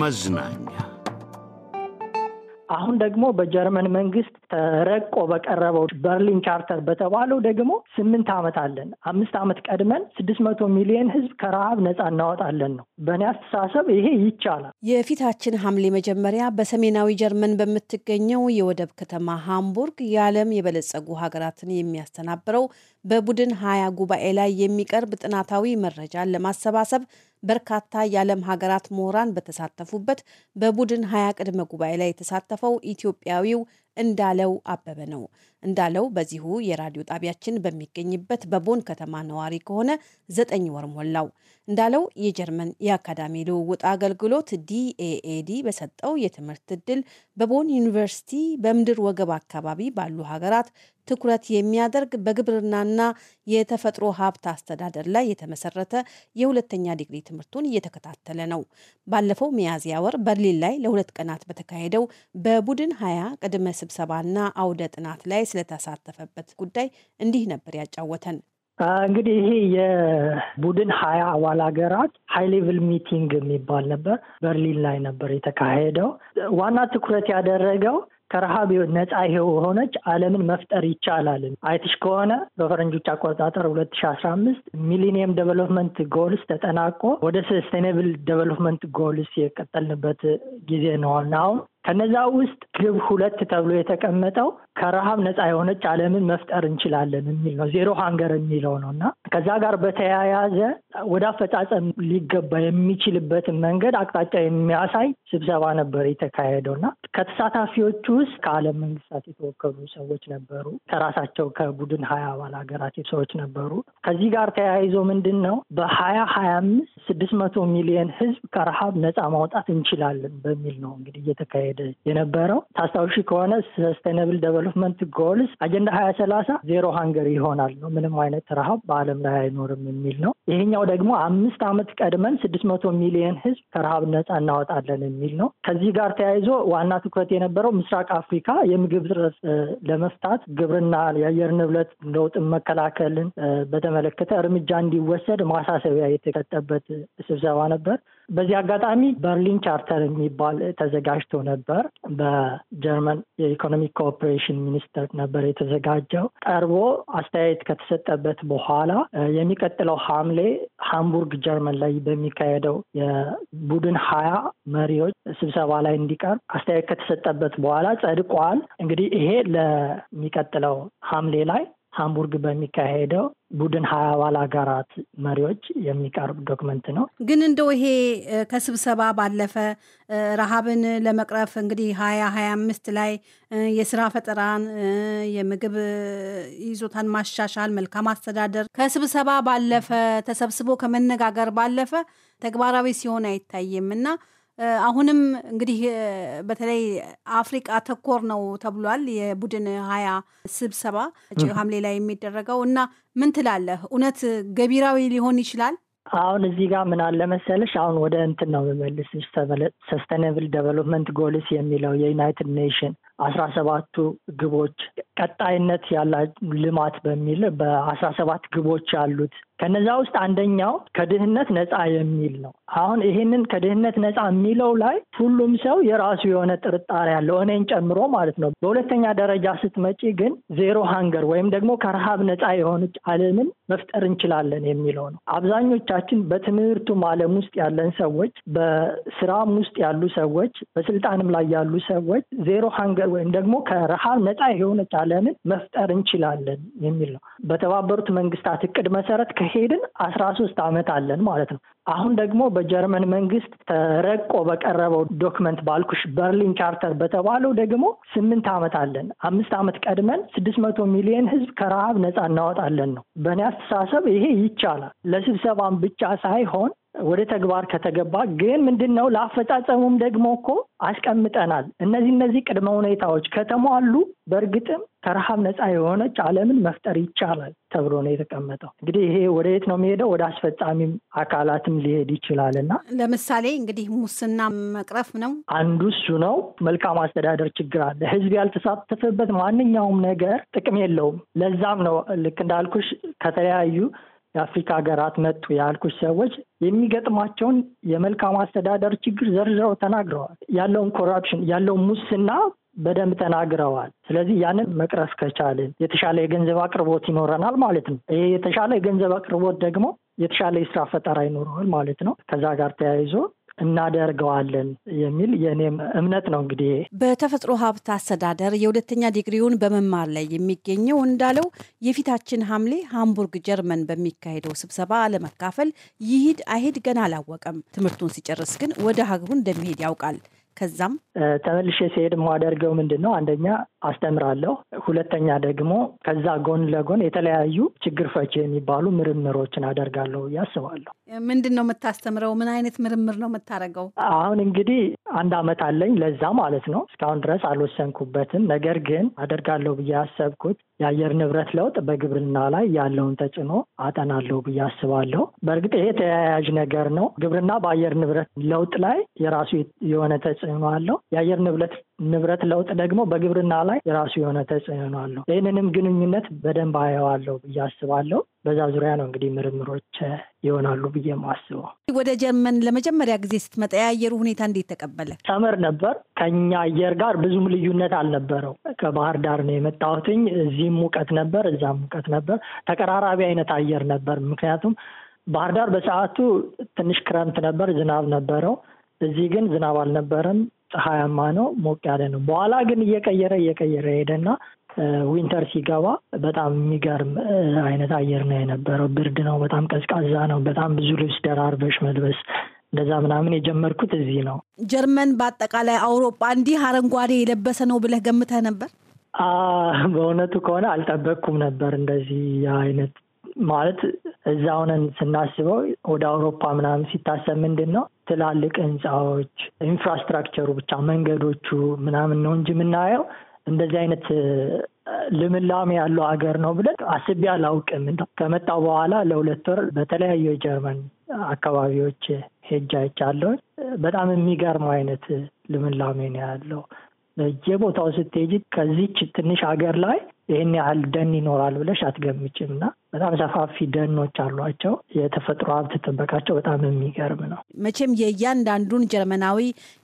መዝናኛ አሁን ደግሞ በጀርመን መንግስት ተረቆ በቀረበው በርሊን ቻርተር በተባለው ደግሞ ስምንት ዓመት አለን። አምስት ዓመት ቀድመን ስድስት መቶ ሚሊዮን ህዝብ ከረሃብ ነፃ እናወጣለን ነው። በእኔ አስተሳሰብ ይሄ ይቻላል። የፊታችን ሐምሌ መጀመሪያ በሰሜናዊ ጀርመን በምትገኘው የወደብ ከተማ ሃምቡርግ የዓለም የበለጸጉ ሀገራትን የሚያስተናብረው በቡድን ሀያ ጉባኤ ላይ የሚቀርብ ጥናታዊ መረጃን ለማሰባሰብ በርካታ የዓለም ሀገራት ምሁራን በተሳተፉበት በቡድን ሀያ ቅድመ ጉባኤ ላይ የተሳተፈው ኢትዮጵያዊው እንዳለው አበበ ነው። እንዳለው በዚሁ የራዲዮ ጣቢያችን በሚገኝበት በቦን ከተማ ነዋሪ ከሆነ ዘጠኝ ወር ሞላው። እንዳለው የጀርመን የአካዳሚ ልውውጥ አገልግሎት ዲኤኤዲ በሰጠው የትምህርት ዕድል በቦን ዩኒቨርሲቲ በምድር ወገብ አካባቢ ባሉ ሀገራት ትኩረት የሚያደርግ በግብርናና የተፈጥሮ ሀብት አስተዳደር ላይ የተመሰረተ የሁለተኛ ዲግሪ ትምህርቱን እየተከታተለ ነው። ባለፈው ሚያዝያ ወር በርሊን ላይ ለሁለት ቀናት በተካሄደው በቡድን ሀያ ቅድመ ስብሰባና አውደ ጥናት ላይ ስለተሳተፈበት ጉዳይ እንዲህ ነበር ያጫወተን። እንግዲህ ይሄ የቡድን ሀያ አባል ሀገራት ሀይ ሌቭል ሚቲንግ የሚባል ነበር። በርሊን ላይ ነበር የተካሄደው። ዋና ትኩረት ያደረገው ከረሃብ ነፃ ይሄው ሆነች ዓለምን መፍጠር ይቻላል። አይትሽ ከሆነ በፈረንጆች አቆጣጠር ሁለት ሺ አስራ አምስት ሚሊኒየም ዴቨሎፕመንት ጎልስ ተጠናቆ ወደ ሰስቴናብል ዴቨሎፕመንት ጎልስ የቀጠልንበት ጊዜ ነው አሁን ከነዛ ውስጥ ግብ ሁለት ተብሎ የተቀመጠው ከረሃብ ነፃ የሆነች ዓለምን መፍጠር እንችላለን የሚል ነው። ዜሮ ሃንገር የሚለው ነው እና ከዛ ጋር በተያያዘ ወደ አፈጻጸም ሊገባ የሚችልበትን መንገድ አቅጣጫ የሚያሳይ ስብሰባ ነበር የተካሄደው እና ከተሳታፊዎቹ ውስጥ ከዓለም መንግስታት የተወከሉ ሰዎች ነበሩ። ከራሳቸው ከቡድን ሀያ አባል ሀገራት ሰዎች ነበሩ። ከዚህ ጋር ተያይዞ ምንድን ነው በሀያ ሀያ አምስት ስድስት መቶ ሚሊዮን ህዝብ ከረሃብ ነፃ ማውጣት እንችላለን በሚል ነው እንግዲህ እየተካሄደ ሲካሄድ የነበረው ታስታውሺ ከሆነ ሰስቴናብል ዴቨሎፕመንት ጎልስ አጀንዳ ሀያ ሰላሳ ዜሮ ሀንገር ይሆናል ነው ምንም አይነት ረሀብ በአለም ላይ አይኖርም የሚል ነው። ይሄኛው ደግሞ አምስት ዓመት ቀድመን ስድስት መቶ ሚሊየን ህዝብ ከረሀብ ነጻ እናወጣለን የሚል ነው። ከዚህ ጋር ተያይዞ ዋና ትኩረት የነበረው ምስራቅ አፍሪካ የምግብ ጥረት ለመፍታት ግብርና፣ የአየር ንብረት ለውጥን መከላከልን በተመለከተ እርምጃ እንዲወሰድ ማሳሰቢያ የተሰጠበት ስብሰባ ነበር። በዚህ አጋጣሚ በርሊን ቻርተር የሚባል ተዘጋጅቶ ነበር። በጀርመን የኢኮኖሚክ ኮኦፕሬሽን ሚኒስተር ነበር የተዘጋጀው። ቀርቦ አስተያየት ከተሰጠበት በኋላ የሚቀጥለው ሐምሌ ሃምቡርግ ጀርመን ላይ በሚካሄደው የቡድን ሀያ መሪዎች ስብሰባ ላይ እንዲቀርብ አስተያየት ከተሰጠበት በኋላ ጸድቋል። እንግዲህ ይሄ ለሚቀጥለው ሐምሌ ላይ ሃምቡርግ በሚካሄደው ቡድን ሀያ አባል ሀገራት መሪዎች የሚቀርብ ዶክመንት ነው። ግን እንደው ይሄ ከስብሰባ ባለፈ ረሃብን ለመቅረፍ እንግዲህ ሀያ ሀያ አምስት ላይ የስራ ፈጠራን፣ የምግብ ይዞታን ማሻሻል፣ መልካም አስተዳደር ከስብሰባ ባለፈ ተሰብስቦ ከመነጋገር ባለፈ ተግባራዊ ሲሆን አይታይም እና አሁንም እንግዲህ በተለይ አፍሪቃ ተኮር ነው ተብሏል የቡድን ሀያ ስብሰባ ሐምሌ ላይ የሚደረገው እና ምን ትላለህ? እውነት ገቢራዊ ሊሆን ይችላል? አሁን እዚህ ጋር ምን አለ መሰለሽ፣ አሁን ወደ እንትን ነው የምመልስሽ ሰስተናብል ዴቨሎፕመንት ጎልስ የሚለው የዩናይትድ ኔሽን አስራ ሰባቱ ግቦች ቀጣይነት ያለ ልማት በሚል በአስራ ሰባት ግቦች ያሉት ከነዛ ውስጥ አንደኛው ከድህነት ነፃ የሚል ነው። አሁን ይሄንን ከድህነት ነፃ የሚለው ላይ ሁሉም ሰው የራሱ የሆነ ጥርጣሬ ያለው እኔን ጨምሮ ማለት ነው። በሁለተኛ ደረጃ ስትመጪ ግን ዜሮ ሃንገር ወይም ደግሞ ከረሃብ ነፃ የሆነች ዓለምን መፍጠር እንችላለን የሚለው ነው። አብዛኞቻችን በትምህርቱም ዓለም ውስጥ ያለን ሰዎች፣ በስራም ውስጥ ያሉ ሰዎች፣ በስልጣንም ላይ ያሉ ሰዎች ዜሮ ሃንገር ወይም ደግሞ ከረሃብ ነፃ የሆነች ዓለምን መፍጠር እንችላለን የሚል ነው። በተባበሩት መንግስታት እቅድ መሰረት ከሄድን አስራ ሶስት ዓመት አለን ማለት ነው። አሁን ደግሞ በጀርመን መንግስት ተረቆ በቀረበው ዶክመንት ባልኩሽ በርሊን ቻርተር በተባለው ደግሞ ስምንት ዓመት አለን። አምስት ዓመት ቀድመን ስድስት መቶ ሚሊዮን ህዝብ ከረሃብ ነፃ እናወጣለን ነው። በእኔ አስተሳሰብ ይሄ ይቻላል። ለስብሰባም ብቻ ሳይሆን ወደ ተግባር ከተገባ ግን ምንድን ነው ለአፈጻጸሙም ደግሞ እኮ አስቀምጠናል። እነዚህ እነዚህ ቅድመ ሁኔታዎች ከተሟሉ በእርግጥም ከረሃብ ነፃ የሆነች ዓለምን መፍጠር ይቻላል ተብሎ ነው የተቀመጠው። እንግዲህ ይሄ ወደ የት ነው የሚሄደው? ወደ አስፈጻሚም አካላትም ሊሄድ ይችላል እና ለምሳሌ እንግዲህ ሙስና መቅረፍ ነው አንዱ እሱ ነው። መልካም አስተዳደር ችግር አለ። ህዝብ ያልተሳተፈበት ማንኛውም ነገር ጥቅም የለውም። ለዛም ነው ልክ እንዳልኩሽ ከተለያዩ የአፍሪካ ሀገራት መጡ ያልኩች ሰዎች የሚገጥማቸውን የመልካም አስተዳደር ችግር ዘርዝረው ተናግረዋል። ያለውን ኮራፕሽን ያለውን ሙስና በደንብ ተናግረዋል። ስለዚህ ያንን መቅረፍ ከቻልን የተሻለ የገንዘብ አቅርቦት ይኖረናል ማለት ነው። ይሄ የተሻለ የገንዘብ አቅርቦት ደግሞ የተሻለ የስራ ፈጠራ ይኖረዋል ማለት ነው። ከዛ ጋር ተያይዞ እናደርገዋለን የሚል የእኔም እምነት ነው። እንግዲህ በተፈጥሮ ሀብት አስተዳደር የሁለተኛ ዲግሪውን በመማር ላይ የሚገኘው እንዳለው የፊታችን ሐምሌ ሃምቡርግ ጀርመን በሚካሄደው ስብሰባ ለመካፈል ይሂድ አይሂድ ገና አላወቀም። ትምህርቱን ሲጨርስ ግን ወደ ሀገሩ እንደሚሄድ ያውቃል። ከዛም ተመልሼ ሲሄድ የማደርገው ምንድን ነው? አንደኛ አስተምራለሁ። ሁለተኛ ደግሞ ከዛ ጎን ለጎን የተለያዩ ችግር ፈቺ የሚባሉ ምርምሮችን አደርጋለሁ ብዬ ምንድን ነው የምታስተምረው? ምን አይነት ምርምር ነው የምታደርገው? አሁን እንግዲህ አንድ አመት አለኝ ለዛ ማለት ነው። እስካሁን ድረስ አልወሰንኩበትም። ነገር ግን አደርጋለሁ ብዬ ያሰብኩት የአየር ንብረት ለውጥ በግብርና ላይ ያለውን ተጽዕኖ አጠናለሁ ብዬ አስባለሁ። በእርግጥ ይሄ ተያያዥ ነገር ነው። ግብርና በአየር ንብረት ለውጥ ላይ የራሱ የሆነ ተጽዕኖ አለው። የአየር ንብረት ንብረት ለውጥ ደግሞ በግብርና ላይ የራሱ የሆነ ተጽዕኖ አለው። ይህንንም ግንኙነት በደንብ አየዋለሁ ብዬ አስባለሁ። በዛ ዙሪያ ነው እንግዲህ ምርምሮች ይሆናሉ ብዬ ማስበው። ወደ ጀርመን ለመጀመሪያ ጊዜ ስትመጣ የአየሩ ሁኔታ እንዴት ተቀበለ? ሰመር ነበር። ከኛ አየር ጋር ብዙም ልዩነት አልነበረው። ከባህር ዳር ነው የመጣሁትኝ። እዚህም ሙቀት ነበር፣ እዛም ሙቀት ነበር። ተቀራራቢ አይነት አየር ነበር። ምክንያቱም ባህር ዳር በሰዓቱ ትንሽ ክረምት ነበር፣ ዝናብ ነበረው። እዚህ ግን ዝናብ አልነበረም። ፀሐያማ ነው፣ ሞቅ ያለ ነው። በኋላ ግን እየቀየረ እየቀየረ ሄደና ዊንተር ሲገባ በጣም የሚገርም አይነት አየር ነው የነበረው። ብርድ ነው፣ በጣም ቀዝቃዛ ነው። በጣም ብዙ ልብስ ደራርበሽ መልበስ እንደዛ ምናምን የጀመርኩት እዚህ ነው። ጀርመን በአጠቃላይ አውሮፓ እንዲህ አረንጓዴ የለበሰ ነው ብለህ ገምተህ ነበር? በእውነቱ ከሆነ አልጠበቅኩም ነበር እንደዚህ አይነት ማለት እዛ ሆነን ስናስበው ወደ አውሮፓ ምናምን ሲታሰብ ምንድን ነው ትላልቅ ህንፃዎች፣ ኢንፍራስትራክቸሩ ብቻ መንገዶቹ ምናምን ነው እንጂ የምናየው እንደዚህ አይነት ልምላሜ ያለው ሀገር ነው ብለን አስቤ አላውቅም። ከመጣ በኋላ ለሁለት ወር በተለያዩ የጀርመን አካባቢዎች ሄጃ አይቻለሁ። በጣም የሚገርመው አይነት ልምላሜ ነው ያለው። በየቦታው ስትሄጂ ከዚች ትንሽ ሀገር ላይ ይህን ያህል ደን ይኖራል ብለሽ አትገምጭም እና በጣም ሰፋፊ ደኖች አሏቸው። የተፈጥሮ ሀብት ጥበቃቸው በጣም የሚገርም ነው። መቼም የእያንዳንዱን ጀርመናዊ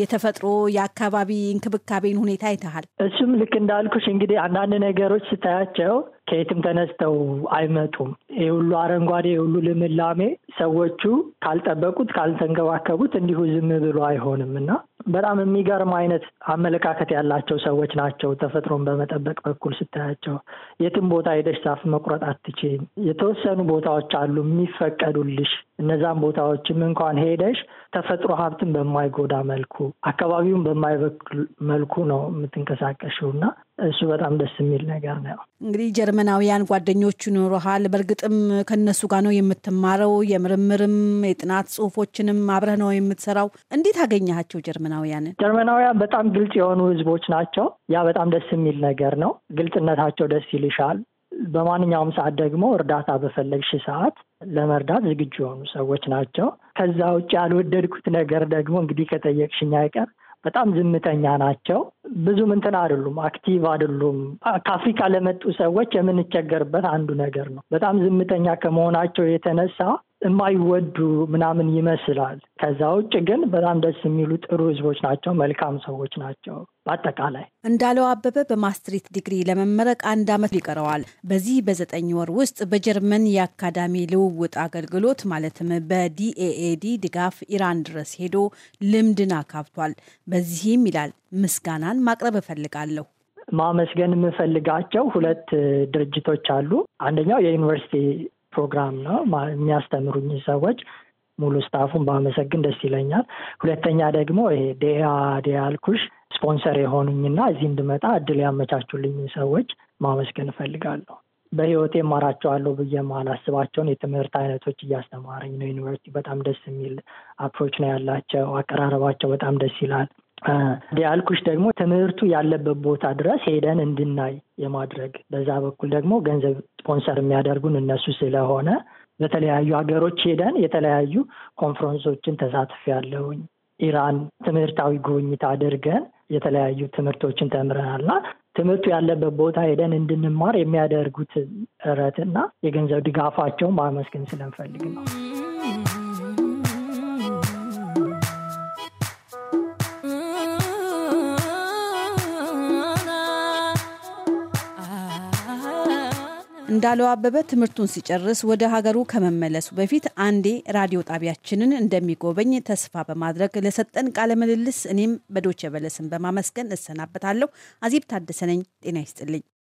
የተፈጥሮ የአካባቢ እንክብካቤን ሁኔታ አይተሃል። እሱም ልክ እንዳልኩሽ እንግዲህ አንዳንድ ነገሮች ስታያቸው ከየትም ተነስተው አይመጡም። ይህ ሁሉ አረንጓዴ፣ ይህ ሁሉ ልምላሜ ሰዎቹ ካልጠበቁት፣ ካልተንከባከቡት እንዲሁ ዝም ብሎ አይሆንም እና በጣም የሚገርም አይነት አመለካከት ያላቸው ሰዎች ናቸው። ተፈጥሮን በመጠበቅ በኩል ስታያቸው የትም ቦታ ሄደሽ ዛፍ መቁረጥ አትችም። የተወሰኑ ቦታዎች አሉ የሚፈቀዱልሽ። እነዛን ቦታዎችም እንኳን ሄደሽ ተፈጥሮ ሀብትን በማይጎዳ መልኩ፣ አካባቢውን በማይበክል መልኩ ነው የምትንቀሳቀሽው እና እሱ በጣም ደስ የሚል ነገር ነው። እንግዲህ ጀርመናውያን ጓደኞቹ ይኖረሃል። በእርግጥም ከነሱ ጋር ነው የምትማረው። የምርምርም የጥናት ጽሁፎችንም አብረህ ነው የምትሰራው። እንዴት አገኘሃቸው ጀርመናውያን ጀርመናውያን በጣም ግልጽ የሆኑ ህዝቦች ናቸው። ያ በጣም ደስ የሚል ነገር ነው። ግልጽነታቸው ደስ ይልሻል። በማንኛውም ሰዓት ደግሞ እርዳታ በፈለግሽ ሰዓት ለመርዳት ዝግጁ የሆኑ ሰዎች ናቸው። ከዛ ውጭ ያልወደድኩት ነገር ደግሞ እንግዲህ ከጠየቅሽኝ አይቀር በጣም ዝምተኛ ናቸው። ብዙም እንትን አይደሉም፣ አክቲቭ አይደሉም። ከአፍሪካ ለመጡ ሰዎች የምንቸገርበት አንዱ ነገር ነው። በጣም ዝምተኛ ከመሆናቸው የተነሳ የማይወዱ ምናምን ይመስላል። ከዛ ውጭ ግን በጣም ደስ የሚሉ ጥሩ ህዝቦች ናቸው፣ መልካም ሰዎች ናቸው። በአጠቃላይ እንዳለው አበበ በማስትሪት ዲግሪ ለመመረቅ አንድ ዓመት ይቀረዋል። በዚህ በዘጠኝ ወር ውስጥ በጀርመን የአካዳሚ ልውውጥ አገልግሎት ማለትም በዲኤኤዲ ድጋፍ ኢራን ድረስ ሄዶ ልምድን አካብቷል። በዚህም ይላል ምስጋናን ማቅረብ እፈልጋለሁ። ማመስገን የምፈልጋቸው ሁለት ድርጅቶች አሉ። አንደኛው የዩኒቨርሲቲ ፕሮግራም ነው የሚያስተምሩኝ ሰዎች ሙሉ ስታፉን በመሰግን ደስ ይለኛል። ሁለተኛ ደግሞ ይሄ ዴያ አልኩሽ ስፖንሰር የሆኑኝና እዚህ እንድመጣ እድል ያመቻቹልኝ ሰዎች ማመስገን እፈልጋለሁ። በህይወቴ እማራቸዋለሁ ብዬ ማላስባቸውን የትምህርት አይነቶች እያስተማረኝ ነው ዩኒቨርሲቲ። በጣም ደስ የሚል አፕሮች ነው ያላቸው። አቀራረባቸው በጣም ደስ ይላል። ያልኩሽ ደግሞ ትምህርቱ ያለበት ቦታ ድረስ ሄደን እንድናይ የማድረግ በዛ በኩል ደግሞ ገንዘብ ስፖንሰር የሚያደርጉን እነሱ ስለሆነ በተለያዩ ሀገሮች ሄደን የተለያዩ ኮንፈረንሶችን ተሳትፍ ያለውኝ ኢራን ትምህርታዊ ጉብኝት አድርገን የተለያዩ ትምህርቶችን ተምረናል ትምህርቱ ያለበት ቦታ ሄደን እንድንማር የሚያደርጉት ጥረትና የገንዘብ ድጋፋቸውን ማመስገን ስለንፈልግ ነው። እንዳለው አበበ ትምህርቱን ሲጨርስ ወደ ሀገሩ ከመመለሱ በፊት አንዴ ራዲዮ ጣቢያችንን እንደሚጎበኝ ተስፋ በማድረግ ለሰጠን ቃለ ምልልስ እኔም በዶቸ በለስን በማመስገን እሰናበታለሁ። አዜብ ታደሰነኝ ጤና ይስጥልኝ።